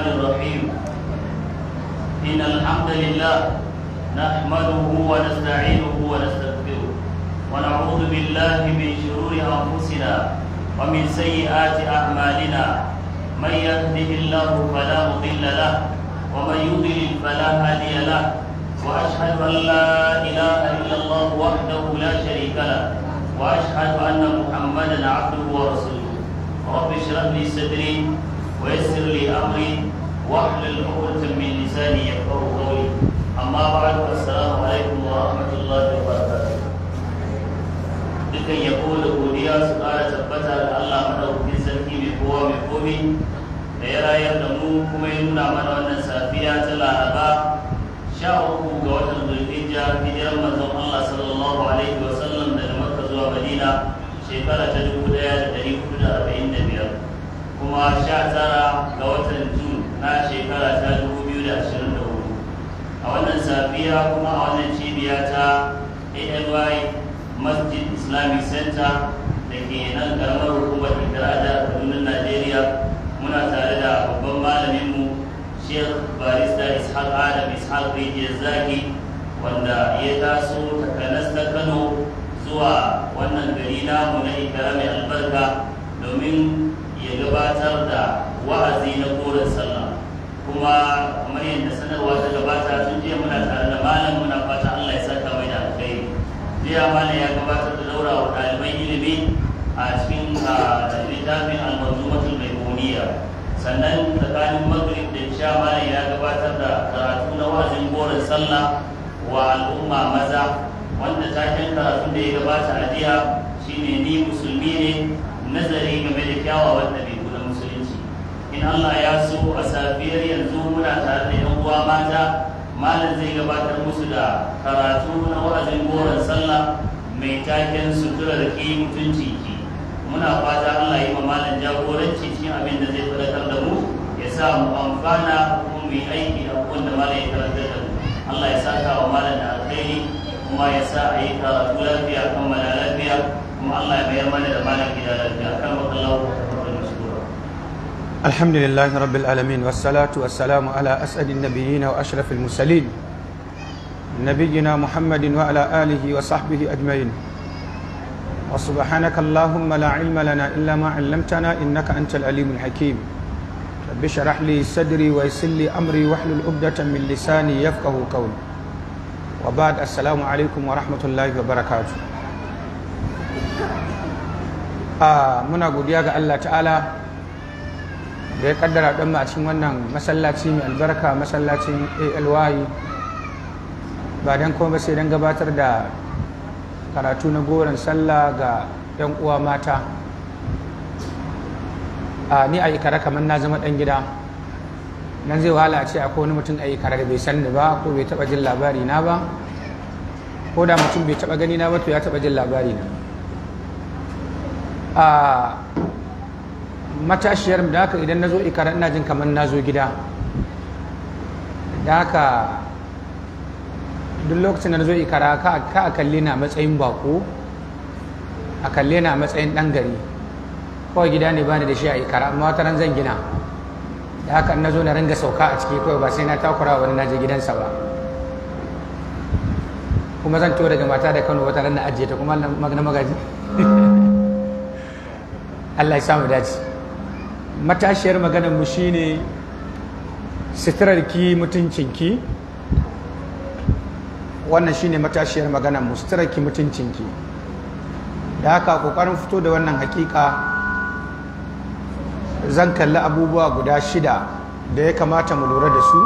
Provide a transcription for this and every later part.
الرحمن الرحيم إن الحمد لله نحمده ونستعينه ونستغفره ونعوذ بالله من شرور أنفسنا ومن سيئات أعمالنا من يهده الله فلا مضل له ومن يضلل فلا هادي له وأشهد أن لا إله إلا الله وحده لا شريك له وأشهد أن محمدا عبده ورسوله رب اشرح لي صدري ويسر لي أمري واحلل عقدة من لساني يفقه قولي أما بعد السلام عليكم ورحمة الله وبركاته dukan yabo da godiya su ƙara tabbata da Allah madaukakin sarki mai kowa mai komi da ya rayar da mu kuma ya nuna mana wannan safiya ta laraba sha uku ga watan zulhijja hijiran manzon Allah sallallahu alaihi wa sallam daga makka zuwa madina shekara ta dubu ɗaya da hudu da arba'in da biyar kuma sha tara ga watan na shekara ta 2024 a wannan safiya kuma a wannan cibiya ta ALY Masjid Islamic Center da ke nan karamar hukumar Ita'ada a Kaduna Najeriya muna tare da babban malaminmu Sheikh Barista Ishaq Adam Ishaq Rijiyar Zaki wanda ya taso takanas ta Kano zuwa wannan gari namu na Ikirami Albarka domin ya gabatar da wa'azi na koren sallah kuma kamar yadda sanarwa ta gabata sun je muna tare da malam muna fata Allah ya saka mai da alkhairi jiya malam ya gabatar da daura wa ɗaliban ilimi a cikin littafin al-manzumatul maimuniya sannan tsakanin maghrib da isha malam ya gabatar da karatu na wajen goren sallah wa al'umma maza wanda taken karatu da ya gabata a jiya shine ni musulmi ne nazari game da kyawawan ɗabi'u in Allah ya so a safiyar yanzu muna tare da yan uwa mata malam zai gabatar musu da karatu na wa'azin goron sallah mai taken sutura da ke mutunci ki muna fata Allah yi ma malam jagoranci cikin abin da zai faɗakar da mu ya sa mu amfana kuma mu aiki da abin da malam ya karantar da mu Allah ya sa saka wa malam da alkhairi kuma ya sa a yi karatu lafiya kammala lafiya kuma Allah ya bayar mana da malam gida lafiya kan bakallahu الحمد لله رب العالمين والصلاة والسلام على أسعد النبيين وأشرف المرسلين نبينا محمد وعلى آله وصحبه أجمعين وسبحانك اللهم لا علم لنا إلا ما علمتنا إنك أنت العليم الحكيم رب اشرح لي صدري ويسر لي أمري واحلل عقدة من لساني يفقه قولي وبعد السلام عليكم ورحمة الله وبركاته آه منا قد الله تعالى da ya kaddara ɗan a cikin wannan masallaci mai albarka masallacin alwahi ba don kuma sai don gabatar da karatu na goron sallah ga 'yan uwa mata a ni a ikara kamar na zama ɗan gida nan zai wahala a ce akwai wani mutum a da bai san ni ba ko bai taɓa jin labari na ba ko da mutum bai taɓa gani na ba to ya taɓa jin labari na matashiyar da haka idan na zo ikara ina jin kamar na zo gida da haka duk lokacin da na zo ikara ka a kalle na matsayin bako a kalle na matsayin ɗan gari kawai gida ne bani da shi a ikara amma wata ran zan gina da haka na zo na ringa sauka a ciki kawai ba sai na takura wani na je gidansa ba kuma zan tura daga mata da kano wata ran na ajiye ta kuma na magaji Allah ya samu dace matashiyar maganar mu shine sitirarki mutuncinki wannan shine matashiyar maganar mu sitirarki mutuncinki da haka kokarin fito da wannan hakika zan kalli abubuwa guda shida da ya kamata mu lura da su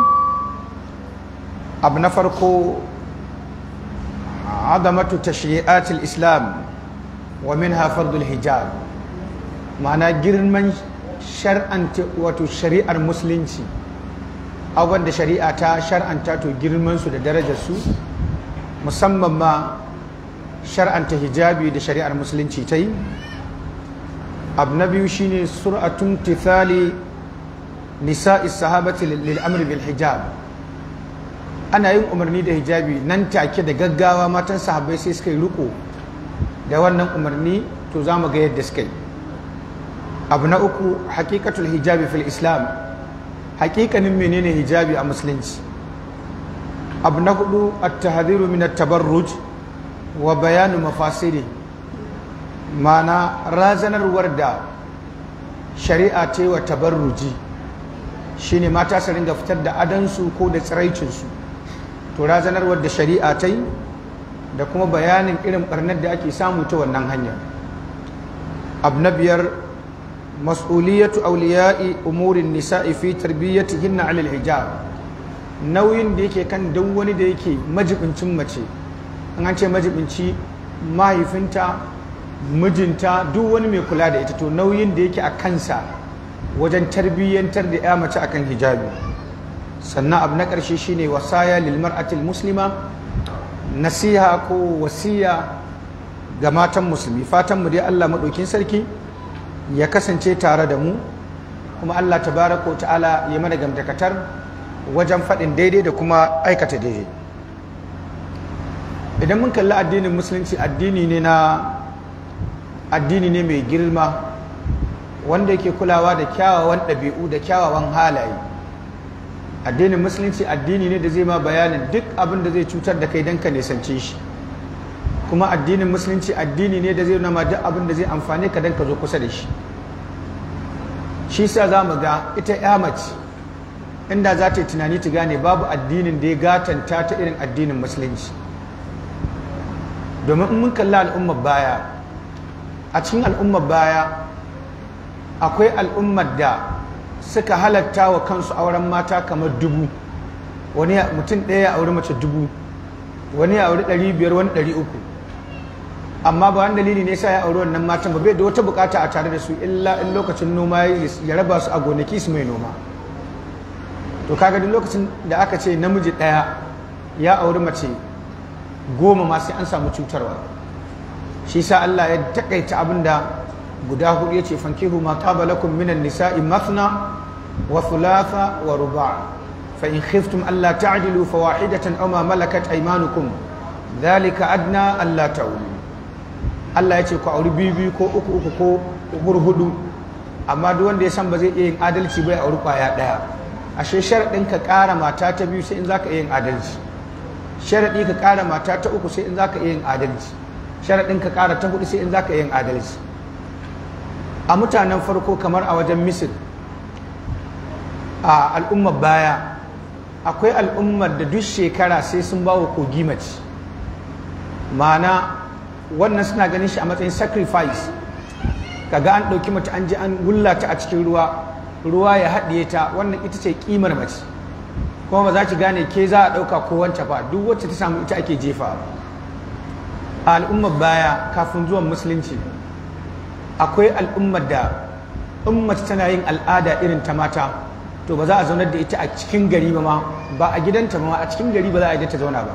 abu na farko ta tashri'atul islam wa minha fardul hijab ma'ana girman shar'anta wato shari'ar musulunci abubuwan da shari'a ta shar'anta to girmansu da darajarsu musamman ma shar'anta hijabi da shari'ar musulunci ta yi abu na biyu shine suratun tithali nisa sahabati lil amri bil hijab ana yin umarni da hijabi nan take da gaggawa matan sahabbai sai suka yi riko da wannan umarni to za mu ga yadda suka yi abu na uku hakikatul hijabi fil islam hakikanin menene hijabi a musulunci abu na hudu a tahdhiru min at-tabarruj wa bayanu mafasiri mana razanarwar da shari'a ce wa tabarruji shine mata su ringa fitar da adansu ko da tsiraicinsu to razanarwar da shari'a ta yi da kuma bayanin irin barnar da ake samu ta wannan hanyar abu na biyar mas'uliyatu auliya'i umurin nisa'i fi tarbiyyatu 'ala al-hijab nauyin da yake kan duk wani da yake majibincin mace an an ce majibinci mahaifinta mijinta duk wani mai kula da ita to nauyin da yake a kansa wajen tarbiyyantar da ya mace akan hijabi sannan abu na ƙarshe shine wasaya lil mar'atil muslima nasiha ko wasiya ga matan musulmi fatan mu dai Allah maɗokin sarki ya kasance tare da mu kuma Allah Ta wa ta'ala ya mana gamdakatar wajen faɗin daidai da kuma aikata daidai idan mun kalli addinin musulunci addini ne na addini ne mai girma wanda yake kulawa da kyawawan ɗabi'u da kyawawan halaye addinin musulunci addini ne da zai ma bayanin duk abin da zai cutar da kai don ka nisance shi kuma addinin musulunci addini ne da zai nama duk abin da zai amfane ka dan ka zo kusa da shi shi sa za mu ga ita ya mace inda za ta yi tunani ta gane babu addinin da ya gatanta ta irin addinin musulunci domin in mun kalli al'ummar baya a cikin al'ummar baya akwai al'ummar da suka halatta wa kansu auren mata kamar dubu wani mutum ɗaya ya auri mace dubu wani ya auri ɗari biyar wani ɗari uku amma ba wani dalili ne sa ya auri wannan matan ba bai da wata bukata a tare da su illa in lokacin noma ya raba su a gonaki su mai noma to kaga duk lokacin da aka ce namiji ɗaya ya auri mace goma masu sai an samu cutarwa shi sa Allah ya takaita abin da guda hudu yace fankihu ma taba balakun minan nisa'i mathna wa thulatha wa ruba' fa in khiftum alla ta'dilu fawahidatan aw ma malakat aymanukum dhalika adna ta ta'ulu Allah ya ce ku auri biyu biyu ko uku uku ko hur hudu amma duk wanda ya san ba zai iya yin adalci ba ya auri kwaya daya ashe sharadin ka kara mata ta biyu sai in zaka iya yin adalci sharadi ka kara mata ta uku sai in zaka iya yin adalci sharadin ka kara ta hudu sai in zaka iya yin adalci a mutanen farko kamar a wajen misir a al'ummar baya akwai al'ummar da duk shekara sai sun bawa kogi mace ma'ana wannan suna ganin shi a matsayin sacrifice kaga an ɗauki mace an ji an ta a cikin ruwa ruwa ya haɗiye ta wannan ita ce ƙimar mace kuma ba za ki gane ke za a ɗauka ko wanta ba duk wacce ta samu ita ake jefa a al'ummar baya kafin zuwan musulunci akwai al'ummar da in mace tana yin al'ada irin ta mata to ba za a zaunar da ita a cikin gari ba ma ba a gidanta ba ma a cikin gari ba za a ta zauna ba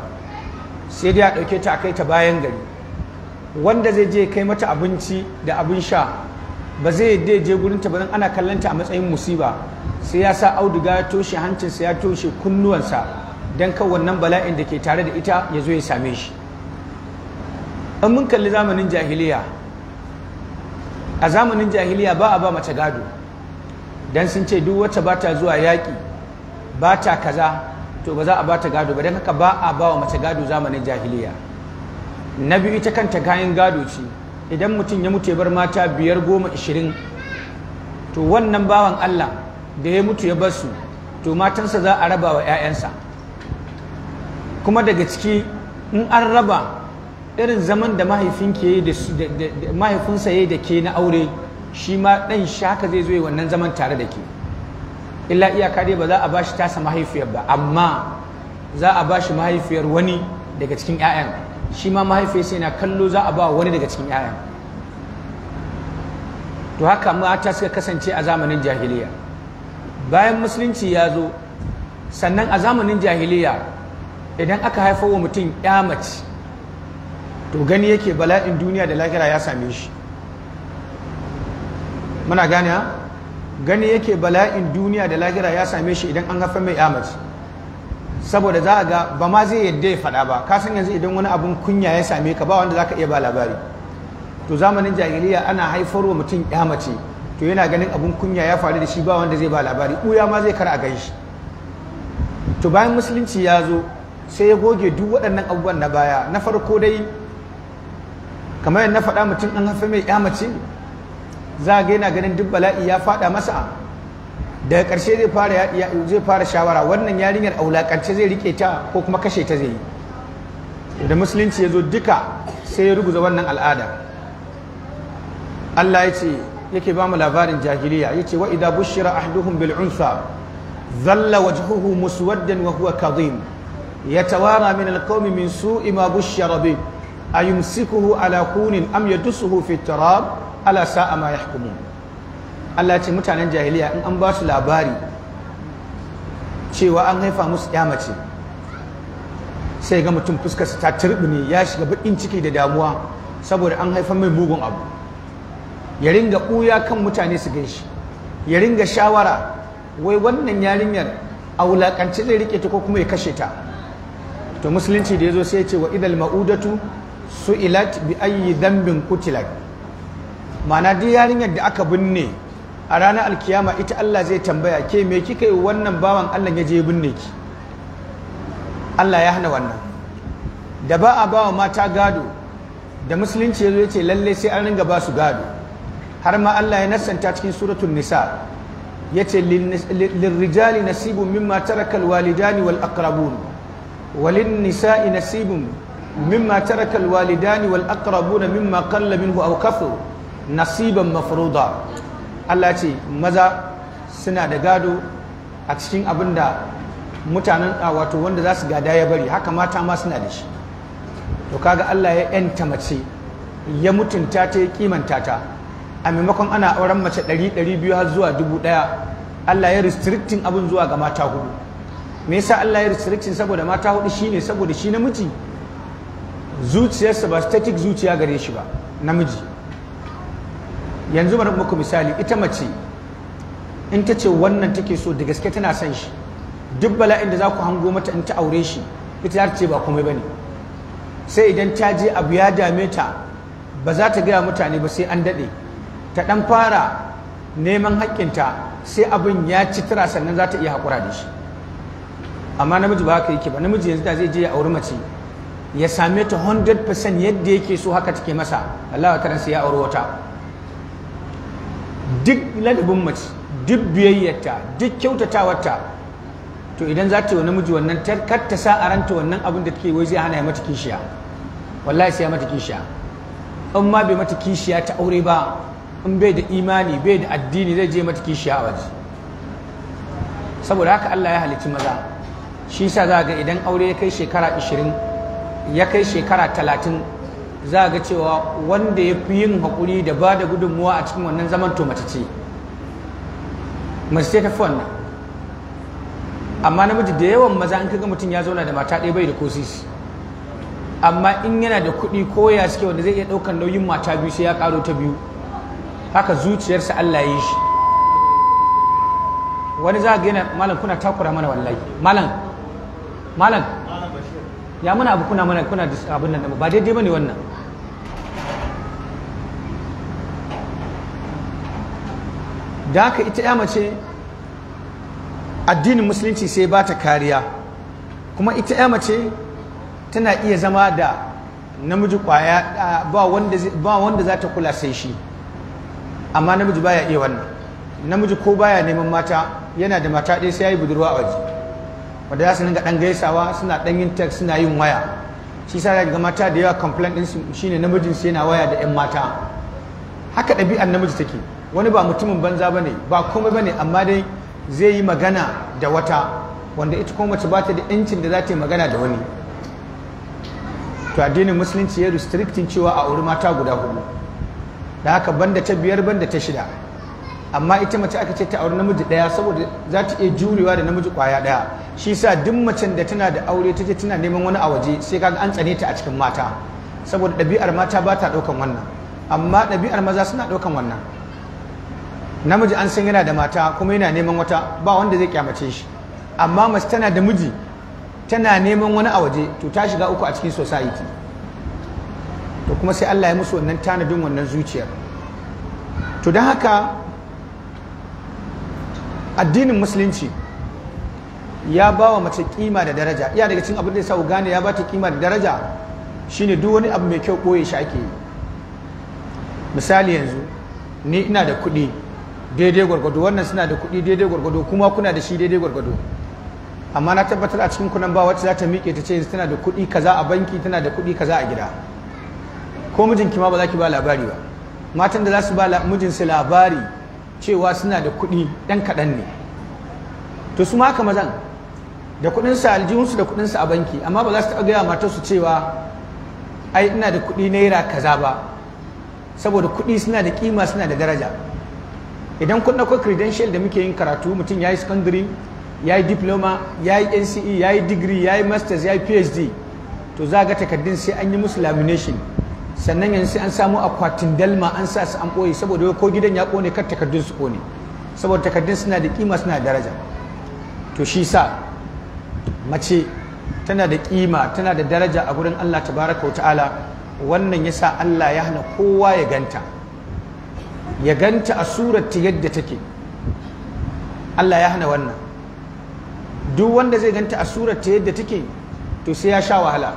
sai dai a ɗauke ta a kai ta bayan gari wanda zai je kai mata abinci da abin sha ba zai yadda je gurin ta ba ana kallanta a matsayin musiba sai ya sa auduga ya toshe hancinsa ya toshe kunnuwansa don kan wannan bala'in da ke tare da ita ya zo ya same shi an mun kalli zamanin jahiliya a zamanin jahiliya ba a ba mace gado don sun ce duk wacce ba ta zuwa yaƙi ba ta kaza to ba za a ba ta gado ba don haka ba a ba wa mace gado zamanin jahiliya na biyu ita kanta kayan gado ce idan mutum ya mutu ya bar mata biyar goma ishirin to wannan bawan Allah da ya mutu ya bar su to matansa za a raba wa 'ya'yansa kuma daga ciki in an raba irin zaman da mahaifinsa ya yi da ke na aure shi ma ɗan shaka zai zo wannan zaman tare da ke illa iyaka dai ba za a ba shi tasa mahaifiyar ba amma za a ba shi mahaifiyar wani daga cikin 'ya'yan shi ma mahaifiyarsa yana kallo za a ba wani daga cikin 'ya'yan to haka mata suka kasance a zamanin jahiliya bayan musulunci ya zo sannan a zamanin jahiliya idan aka haifar mutum 'ya mace to gani yake bala'in duniya da lahira ya same shi muna gane gani yake bala'in duniya da lahira ya same shi idan an haifar mai 'ya mace saboda za a ga ba ma zai yadda ya faɗa ba ka san yanzu idan wani abun kunya ya same ka ba wanda za ka iya ba labari to zamanin jahiliya ana haifar wa mutum ya mace to yana ganin abun kunya ya faru da shi ba wanda zai ba labari ɓuya ma zai kara a gan shi to bayan musulunci ya zo sai ya goge duk waɗannan abubuwan na baya na farko dai kamar yana faɗa mutum an haife mai ya mace za a ga yana ganin duk bala'i ya faɗa masa daga ƙarshe zai fara zai fara shawara wannan yarinyar a wulakance zai rike ta ko kuma kashe ta zai yi da musulunci ya zo duka sai ya ruguza wannan al'ada Allah ya ce yake ba mu labarin jahiliya ya ce wa idza bushira ahduhum bil unsa dhalla wajhuhu muswaddan wa huwa kadhim yatawara min al min su'i ma bushira bi ayumsikuhu ala kunin am yadusuhu fi tarab ala sa'a ma yahkumun Allah ce mutanen jahiliya in an ba su labari cewa an haifa musu ya mace sai ga mutum fuskarsa ta ne ya shiga baƙin ciki da damuwa saboda an haifa mai mugun abu ya ringa ɓuya kan mutane su gan shi ya ringa shawara wai wannan yarinyar a wulaƙance zai rike ta ko kuma ya kashe ta to musulunci da ya zo sai ya ce wa idal ma'udatu su'ilat bi ayyi dambin kutilat ma'ana duk yarinyar da aka binne a ranar alkiyama ita Allah zai tambaya ke me kika yi wannan bawan Allah ya je binne ki Allah ya hana wannan da ba a bawa mata gado da musulunci ya zo ce lalle sai an ringa ba su gado har ma Allah ya nassanta cikin suratul nisa yace lirrijali nasibun mimma taraka alwalidani wal aqrabun walin nisa'i nasibun mimma taraka alwalidani wal aqrabun mimma qalla minhu aw kafu nasiban mafruda Allah ce maza suna da gado a cikin abin da mutanen wato wanda za su gada ya bari haka mata ma suna da shi to kaga Allah ya yanta mace ya mutunta ta ya kimanta ta a maimakon ana auren mace ɗari ɗari biyu har zuwa dubu ɗaya Allah ya restricting abin zuwa ga mata hudu me yasa Allah ya restricting saboda mata hudu shine saboda shi namiji zuciyarsa ba static zuciya gare shi ba namiji yanzu bari muku misali ita mace in ta ce wannan take so da gaske tana san shi duk bala'in da za ku hango mata in ta aure shi ita za ta ce ba komai ba ne sai idan ta je abu ya dame ta ba za ta gaya mutane ba sai an daɗe ta ɗan fara neman ta sai abin ya ci tura sannan za ta iya haƙura da shi amma namiji ba haka yake ba namiji yanzu da zai je ya auri mace ya same ta 100% yadda yake so haka take masa Allah ta ya auri wata duk ladabin mace duk biyayyarta duk kyautatawarta to idan za ta yi wa namiji wannan kar ta sa a ranta wannan abin da take wai zai hana ya mata kishiya wallahi sai ya mata kishiya in ma bai mata kishiya ta aure ba in bai da imani bai da addini zai je mata kishiya a waje saboda haka Allah ya halicci maza shi sa za ga idan aure ya kai shekara 20 ya kai shekara 30 za ga cewa wanda ya fi yin haƙuri da ba da gudunmuwa a cikin wannan zaman to mace ce mace ce ta fi wannan amma namiji da yawan maza in kaga mutum ya zauna da mata ɗaya bai da kosis. amma in yana da kuɗi ko ya suke wanda zai iya ɗaukar nauyin mata biyu sai ya ƙaro ta biyu haka zuciyarsa Allah ya yi shi wani za ga yana malam kuna takura mana wallahi malam malam ya muna abu kuna mana kuna abin nan ba daidai bane wannan da haka ita ya mace addinin musulunci sai ba ta kariya kuma ita ya mace tana iya zama da namiji kwaya ba wanda za ta kula sai shi amma namiji baya iya wannan namiji ko baya neman mata yana da mata ɗaya sai ya yi budurwa a waje wanda za su dinga ɗan gaisawa suna ɗan yin tek suna yin waya shi sa ga mata da yawa complaint ne namijin sai yana waya da 'yan mata haka ɗabi'an namiji take wani ba mutumin banza ba ne ba komai ba ne amma dai zai yi magana da wata wanda ita kuma mace ba da yancin da za ta yi magana da wani to addinin musulunci ya restricting cewa a auri mata guda hudu da haka banda ta biyar banda ta shida amma ita mace aka ce ta auri namiji daya saboda za ta iya jurewa da namiji kwaya daya shi sa duk macen da tana da aure ta je tana neman wani a waje sai kaga an tsane ta a cikin mata saboda ɗabi'ar mata ba ta ɗaukan wannan amma ɗabi'ar maza suna ɗaukan wannan namiji an san yana da mata kuma yana neman wata ba wanda zai kyamace shi amma mace tana da miji tana neman wani a waje to ta shiga uku a cikin society to kuma sai Allah ya musu wannan tanadin wannan zuciyar to don haka addinin musulunci ya ba wa mace kima da daraja iya daga cikin abin da ya sa gane ya ba ta kima da daraja shine duk wani abu mai kyau koye shi ake yi misali yanzu ni ina da kuɗi daidai gwargwado wannan suna da kuɗi daidai gwargwado kuma kuna da shi daidai gwargwado amma na tabbatar a cikin kunan ba wacce za ta miƙe ta ce yanzu tana da kuɗi kaza a banki tana da kuɗi kaza a gida ko mijinki ma ba za ki ba labari ba matan da za su ba mijinsu labari cewa suna da kuɗi ɗan kaɗan ne to su ma haka mazan da kuɗinsu a aljihunsu da kuɗinsu a banki amma ba za su taɓa gaya matar su cewa ai ina da kuɗi naira kaza ba saboda kuɗi suna da kima suna da daraja idan kun ɗauko credential da muke yin karatu mutum ya yi secondary ya yi diploma ya yi nce ya yi degree ya yi masters ya yi phd to za ga takardun sai an yi musu lamination sannan yanzu an samu akwatin dalma an sa su an ɓoye saboda ko gidan ya kone kar takardun su kone saboda takardun suna da kima suna da daraja to shi sa mace tana da kima tana da daraja a gurin Allah tabaraka wa ta'ala wannan yasa Allah ya hana kowa ya ganta ya ganta a yadda take Allah ya hana wannan duk wanda zai ganta a surarta yadda take to sai ya sha wahala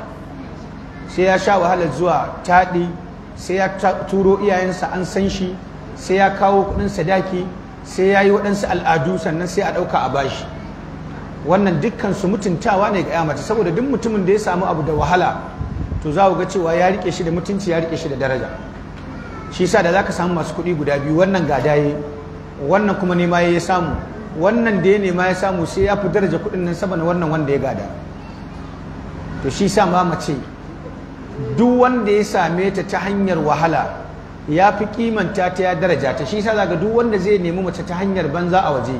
sai ya sha wahala zuwa taɗi sai ya turo iyayensa an san shi sai ya kawo kuɗin sadaki sai ya yi waɗansu al'adu sannan sai a ɗauka a bashi wannan dukkan su mutuntawa ne ga mace saboda duk mutumin da ya samu abu da wahala to za ga cewa ya rike shi da mutunci ya rike shi da daraja shi sa da za ka samu masu kuɗi guda biyu wannan gada ya wannan kuma nema ya samu wannan da ya nema ya samu sai ya fi daraja kuɗin nan sama na wannan wanda ya gada to shi sa ma mace duk wanda ya same ta ta hanyar wahala ya fi kimanta ta ya daraja ta shi sa zaga duk wanda zai nemi mace ta hanyar banza a waje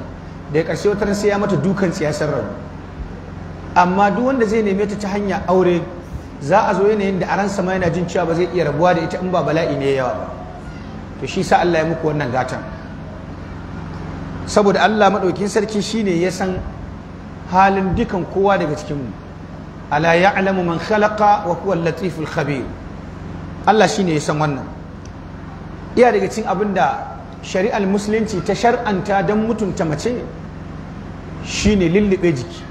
da ya ƙarshe wata sai ya mata dukan siyasar rabu amma duk wanda zai neme ta ta hanyar aure za a zo yanayin da a ransa ma yana jin cewa ba zai iya rabuwa da ita in ba bala'i ne yawa ba to shi sa Allah ya muku wannan gatan saboda Allah maɗaukin sarki shine ya san halin dukan kowa daga cikinmu ala ya'lamu man khalaqa wa huwa latiful khabir Allah shine ya san wannan iya daga cikin abinda da shari'ar musulunci ta shar'anta dan mutunta mace shine lullube jiki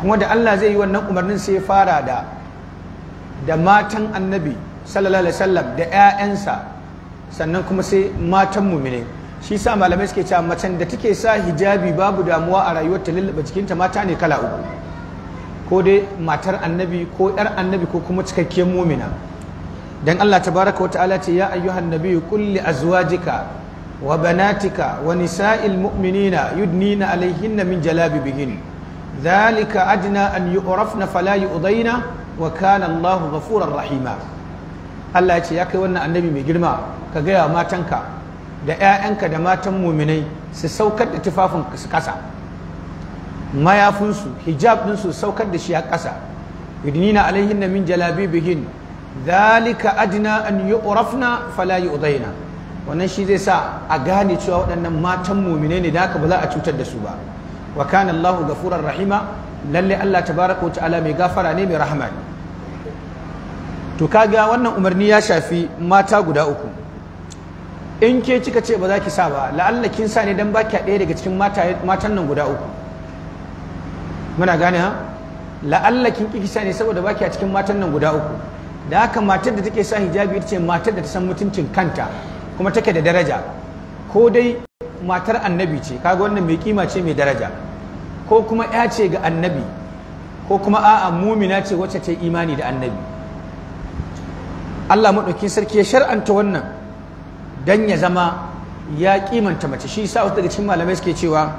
kuma da Allah zai yi wannan umarnin sai fara da da matan annabi sallallahu alaihi wasallam da ƴaƴansa. sannan kuma sai matan mumine shi sa malamai suke cewa macen da take sa hijabi babu damuwa a rayuwar ta lallaba jikinta mata ne kala uku ko dai matar annabi ko yar annabi ko kuma cikakkiyar mumina dan Allah tabaraka wa ta'ala ce ya ayyuhan nabiyyu qul li azwajika wa banatika wa nisa'il mu'minina yudnina alaihinna min jalabibihin dhalika adna an yu'rafna fala yu'dayna wa kana Allahu ghafurar rahima Allah ya ce ya kai wannan annabi mai girma ka gaya wa matanka da 'ya'yanka da matan muminai su saukar da tufafin su kasa mayafinsu hijab ɗinsu saukar da shi a kasa idnina alaihin na min jalabibihin zalika adina an yu'rafna fala yu'dayna wannan shi zai sa a gane cewa waɗannan matan muminai ne da haka ba za a cutar da su ba wa kana Allahu gafurar rahima lalle Allah tabaraka wa ta'ala mai gafara ne mai rahama ne to kaga wannan umarni ya shafi mata guda uku in ke kika ce ba za ki sa ba la'alla kin sa ne dan ba ki ɗaya daga cikin matan nan guda uku muna gane ha la'alla kin ki sa ne saboda ba a cikin matan nan guda uku da haka matar da take sa hijabi ita ce matar da ta san mutuncin kanta kuma take da daraja ko dai matar annabi ce kaga wannan mai kima ce mai daraja ko kuma ya ce ga annabi ko kuma a'a mumina ce wacce ta imani da annabi Allah maɗaukin sarki ya shar'anta wannan dan ya zama ya kimanta mace shi sa wasu daga cikin malamai suke cewa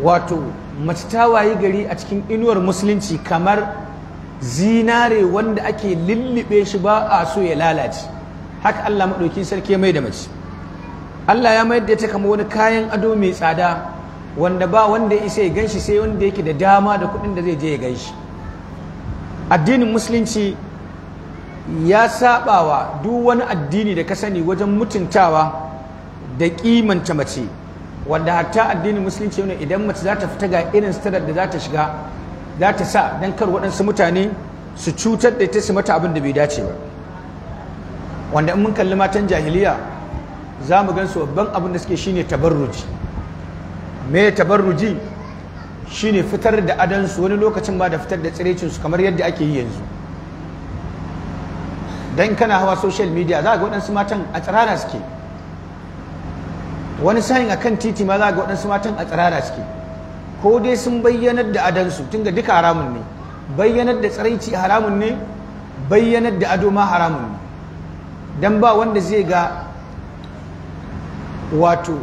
wato mace ta wayi gari a cikin inuwar musulunci kamar zinare wanda ake lullube shi ba a so ya lalace haka Allah maɗaukin sarki ya mai da mace Allah ya mayar da ta kama wani kayan ado mai tsada wanda ba wanda ya isa ya ganshi sai wanda yake da dama da kuɗin da zai je ya ganshi addinin musulunci ya sabawa duk wani addini da ka sani wajen mutuntawa da kimanta mace wanda hatta addinin musulunci ne idan mace za ta fita ga irin sitarar da za ta shiga za ta sa don kar waɗansu mutane su cutar da ita su mata abin da bai dace ba wanda in mun kalli matan jahiliya za mu gan su babban abin da suke shine tabarruji me tabarruji shine fitar da adansu wani lokacin ba da fitar da tsirecin kamar yadda ake yi yanzu dan kana hawa social media za ga waɗansu matan a tsirara suke wani sayin akan titi ma za ga waɗansu matan a tsirara suke ko dai sun bayyanar da adansu tunga duka haramun ne bayyanar da tsaraici haramun ne bayyanar da ado ma haramun ne dan ba wanda zai ga wato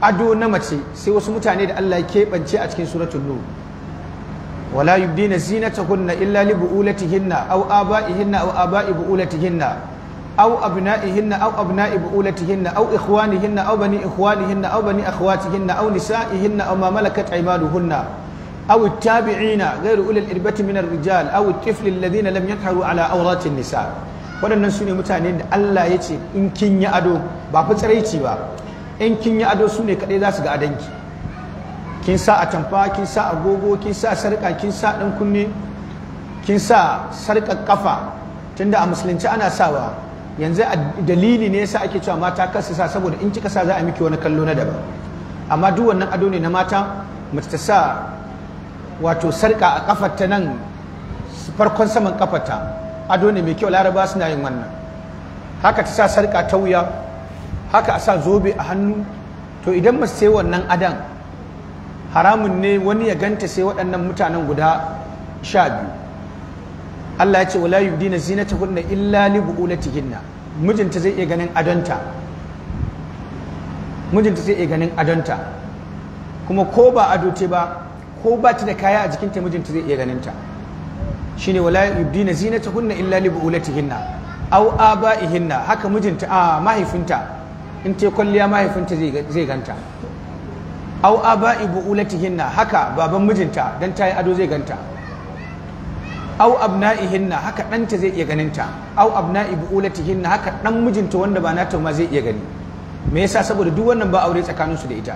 ado na mace sai wasu mutane da Allah ya keɓance a cikin suratul nur ولا يبدين زينتهن إلا لبؤولتهن أو آبائهن أو آباء بؤولتهن أو أبنائهن أو أبناء بؤولتهن أو إخوانهن أو بني إخوانهن أو بني أخواتهن أو نسائهن أو ما ملكت أيمانهن أو التابعين غير أولي الإربة من الرجال أو الطفل الذين لم يظهروا على عورات النساء waɗannan su ne mutane da Allah ya ce in kin yi ado ba fitsaraici ba in kin yi ado su ne kaɗai za su ga adanki kin sa a kin sa agogo kin sa sarƙa kin sa ɗan kunne kin sa sarƙar kafa tunda a musulunci ana sawa yanzu dalili ne yasa ake cewa mata kar su sa saboda in kika sa za a miki wani kallo na daban amma duk wannan ado ne na mata mace ta sa wato sarƙa a ta nan farkon saman ta, ado ne mai kyau laraba suna yin wannan haka ta sa sarƙa ta wuya haka a sa zobe a hannu to idan mace sai wannan adan haramun ne wani ya ganta sai waɗannan mutanen guda sha biyu Allah ya ce wala yubdina zinatahunna illa li bu'ulatihinna mijinta zai iya ganin adonta mijinta zai iya ganin adonta kuma ko ba ado ce ba ko ba ta da kaya a jikinta mijinta zai iya ganin ta shine wala yubdina hunna illa li bu'ulatihinna aw aba'ihinna haka mijinta a mahaifinta in te kwalliya mahaifinta zai ganta au aba'i bu'ulatihinna haka baban mijinta dan tayi ado zai ganta au abna'ihinna haka ɗanta zai iya ganinta au abna'i bu'ulatihinna haka ɗan mijinta wanda ba nata ma zai iya gani me yasa saboda duk wannan ba aure tsakaninsu da ita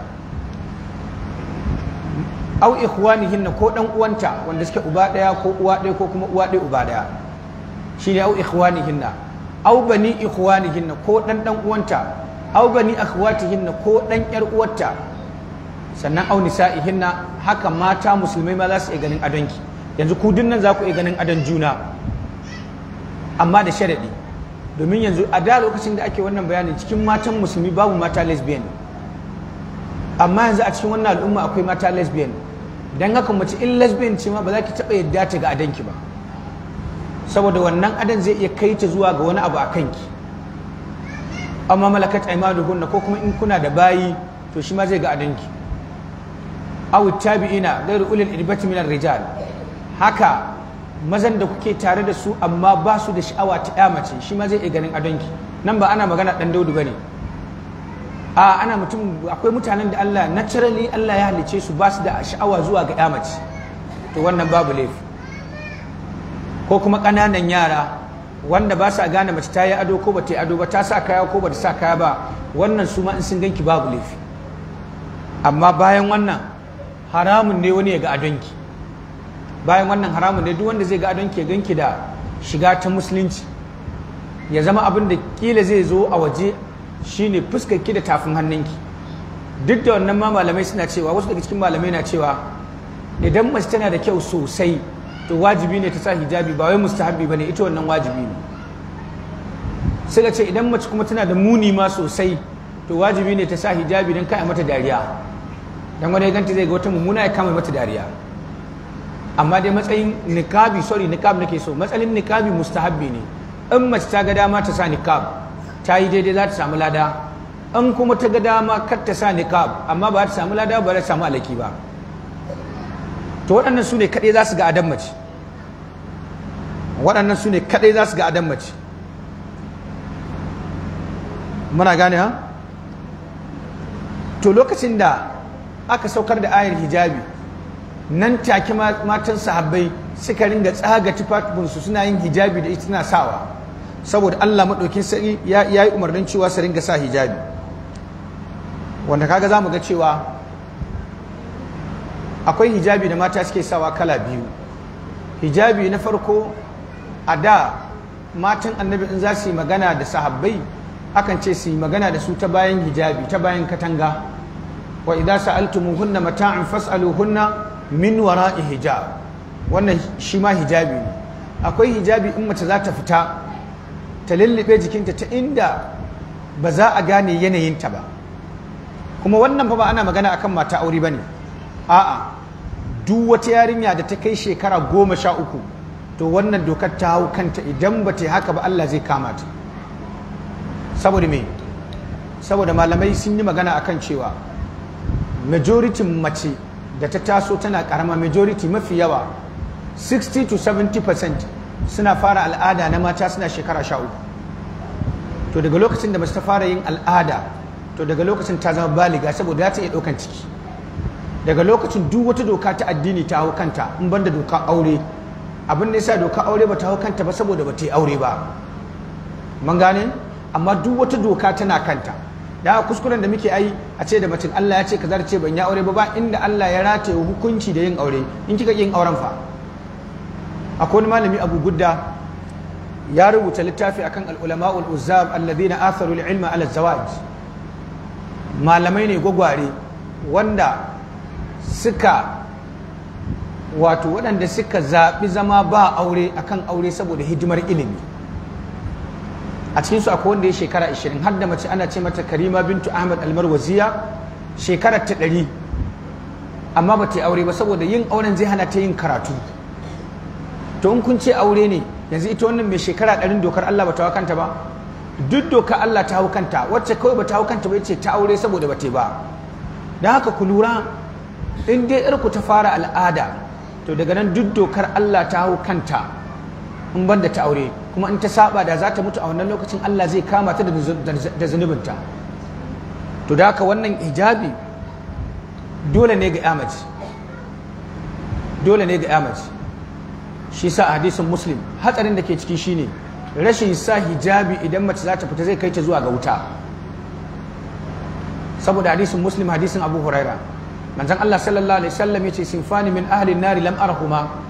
au ikhwanihinna ko ɗan uwanta wanda suke uba ɗaya ko uwa ɗaya ko kuma uwa ɗaya uba ɗaya shine au ikhwanihinna au bani ikhwanihinna ko ɗan ɗan uwanta au bani akhwatihinna ko ɗan yar uwarta sannan au hinna haka mata musulmai ma za su iya ganin adonki yanzu ku dinnan za ku iya ganin adon juna amma da sharaɗi domin yanzu a da lokacin da ake wannan bayanin cikin matan musulmi babu mata lesbian amma yanzu a cikin wannan al'umma akwai mata lesbian don haka mace in lesbian ce ma ba za ki taɓa yadda ta ga adonki ba saboda wannan adon zai iya kai ta zuwa ga wani abu a kanki amma malakat hunna ko kuma in kuna da bayi to shi ma zai ga adonki aw ta ghairu ulil irbati minar rijal haka mazan da kuke tare da su amma ba su da sha'awa ta ya mace shi ma zai iya ganin adonki nan ba ana magana dan daudu bane a ana mutum akwai mutanen da Allah naturally Allah ya halice su ba su da sha'awa zuwa ga ya mace to wannan babu laifi ko kuma ƙananan yara wanda ba sa gane mace ta yi ado ko ba ta yi ado ba ta sa kaya ko ba ta sa kaya ba wannan su ma in sun ganki babu laifi amma bayan wannan haramun ne wani ya ga adonki bayan wannan haramun ne duk wanda zai ga adonki ya ganki da shiga ta musulunci ya zama abin da kila zai zo a waje shine fuskarki da tafin hannunki duk da wannan ma malamai suna cewa wasu daga cikin malamai na cewa idan mace tana da kyau sosai to wajibi ne ta sa hijabi ba wai mustahabi bane ita wannan wajibi ne sai ce idan mace kuma tana da muni ma sosai to wajibi ne ta sa hijabi don kai mata dariya dan wani ganti ganta zai ga wata mummuna ya kama mata dariya amma dai matsayin nikabi sorry nikab nake so matsalin nikabi mustahabbi ne in mace ta ga dama ta sa nikab ta yi daidai za ta samu lada in kuma ta ga dama kar ta sa nikab amma ba ta samu lada ba za ta samu alaki ba to waɗannan su ne kaɗai za su ga adam mace waɗannan su ne kaɗai za su ga adam mace muna gane ha to lokacin da aka saukar da ayar hijabi nan take matan sahabbai suka ringa tsaga tufafinsu suna yin hijabi da ita na sawa saboda Allah madaukin sarki ya yi umarnin cewa su ringa sa hijabi wanda kaga zamu ga cewa akwai hijabi da mata suke sawa kala biyu hijabi na farko a da matan annabi in za su yi magana da sahabbai akan ce su yi magana da su ta bayan hijabi ta bayan katanga wa idza sa'altumuhunna mata'an fas'aluhunna min wara'i hijab wannan shi ma hijabi ne akwai hijabi in mace za ta fita ta lulluɓe jikinta ta inda ba za a gane yanayinta ba kuma wannan fa ba ana magana akan mata aure bane a'a duk wata yarinya da ta kai shekara goma sha uku to wannan dokar ta hau kanta idan ba ta haka ba Allah zai kama ta saboda me saboda malamai sun yi magana akan cewa majority mace da ta taso tana karama majority mafi yawa 60 to 70% suna fara al'ada na mata suna shekara sha uku to daga lokacin da mace ta fara yin al'ada to daga lokacin ta zama baliga saboda ta iya ɗaukan ciki daga lokacin duk wata doka ta addini ta hau kanta in banda doka aure abin da yasa doka aure ba ta hau kanta ba saboda ba ta yi aure ba mun gane amma duk wata doka tana kanta da kuskuren da muke ai a ce da mace Allah ya ce kaza ce ban ya aure ba ba inda Allah ya rataye hukunci da yin aure in kika yin auren fa akwai wani malami Abu Gudda ya rubuta littafi akan al-ulama wal uzzab alladhina atharu al-ilma ala zawaj malamai ne gwagware wanda suka wato waɗanda suka zaɓi zama ba aure akan aure saboda hidimar ilimi a cikin su akwai wanda ya shekara 20 har da mace ana ce mata Karima bintu Ahmad Almarwaziya shekarar ta 100 amma ba ta yi aure ba saboda yin auren zai hana ta yin karatu to in kun ce aure ne yanzu ita wannan mai shekara 100 dokar Allah ba ta hau kanta ba duk dokar Allah ta hau kanta wacce kawai ba ta hau kanta ba ce ta aure saboda ba ta ba dan haka ku lura in dai ku ta fara al'ada to daga nan duk dokar Allah ta hau kanta in banda ta aure kuma in ta saba da za ta mutu a wannan lokacin Allah zai kama ta da zunubinta to da haka wannan hijabi dole ne ga yamaci dole ne ga yamaci shi sa a hadisin muslim hatsarin da ke ciki shine rashin sa hijabi idan mace za ta fita zai kai ta zuwa ga wuta saboda hadisin muslim hadisin abu huraira manzon Allah sallallahu alaihi wasallam yace sinfani min ahli nari lam arhuma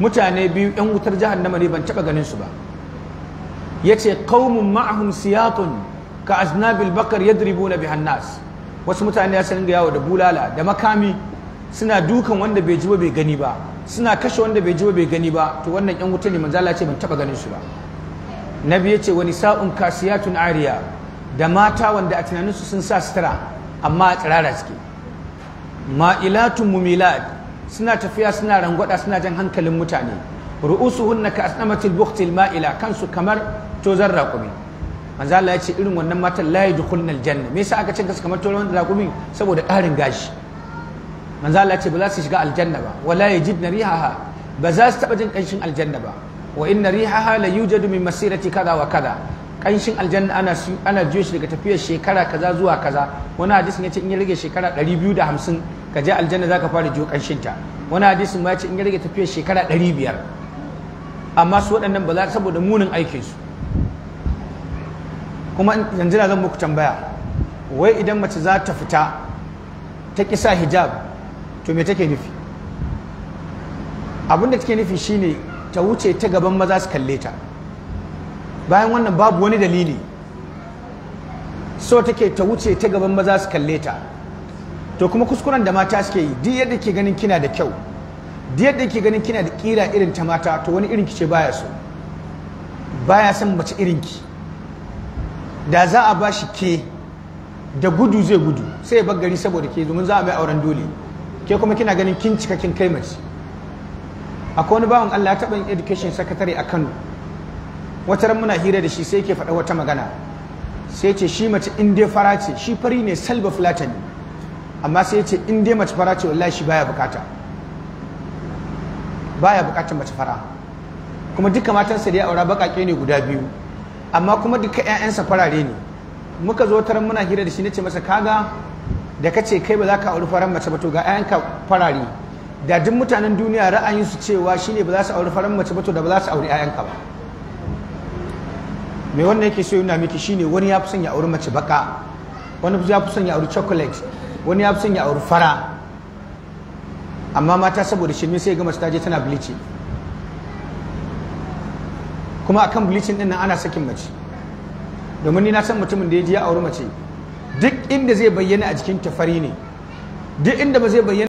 mutane biyu yan wutar jahannama ne ban taba ganin su ba yace qaumun ma'ahum siyatun ka aznabil bakar yadribuna bihan nas wasu mutane ya san yawo da bulala da makami suna dukan wanda bai ji ba bai gani ba suna kashe wanda bai ji ba bai gani ba to wannan yan wuta ne manzala ce ban taba ganin su ba Na nabi yace wani sa'un kasiyatun ariya da mata wanda a tunaninsu sun sa sutura amma a tsirara suke ma'ilatun mumilat suna tafiya suna rangwada suna jan hankalin mutane hunna ka asnamatil buhtil ma'ila kansu kamar tozar raƙumi manzo Allah ya ce irin wannan matan la yadkhulna aljanna me yasa aka ce kansu kamar tozar raƙumi saboda ƙarin gashi manzo Allah ya ce ba za su shiga aljanna ba wala yajidna rihaha ba za su taba jin kanshin aljanna ba wa inna rihaha la yujadu min masirati kaza wa kaza kanshin aljanna ana ana jiyo shi daga tafiyar shekara kaza zuwa kaza wani hadisin ya ce in ya rage shekara 250 ka je aljanna zaka fara jiyo kanshin ta wani hadisin ma yace in ya rage tafiyar shekara 500 amma su waɗannan ba za saboda munin aikin su kuma yanzu na zan muku tambaya wai idan mace za ta fita ta kisa hijab to me take nufi abin da take nufi shine ta wuce ta gaban maza su kalle ta bayan wannan babu wani dalili so take ta wuce ta gaban maza su kalle ta to kuma kuskuren da mata suke yi duk yadda ke ganin kina da kyau duk yadda ke ganin kina da kira irin ta mata to wani irin ki ce baya so baya san mace irin ki da za a ba shi ke da gudu zai gudu sai ya gari saboda ke domin za a mai auren dole ke kuma kina ganin kin cika kin kai mace akwai wani bawan Allah ya taɓa education secretary a Kano wata ran muna hira da shi sai ke faɗa wata magana sai ce shi mace in dai fara ce shi fari ne salba flatani amma sai ce in dai mace fara ce wallahi shi baya bukata baya bukatar mace fara kuma duka matansa da ya aura bakake ne guda biyu amma kuma duka 'ya'yansa farare ne muka zo taron muna hira da shi nace masa kaga da kace kai ba za ka auri faran mace ba to ga 'ya'yanka farare da duk mutanen duniya ra'ayin su cewa shine ba za su auri faran mace ba to da ba za su auri 'ya'yanka ba me wannan yake so yana miki shine wani ya fi son ya auri mace baka wani ya fi son ya auri chocolate wani ya fi son ya auri fara amma mata saboda shirme sai gama ta je tana bilici kuma akan bleaching din nan ana sakin mace domin ni na san mutumin da ya je ya auri mace duk inda zai bayyana a jikin tafari ne duk inda ba zai bayyana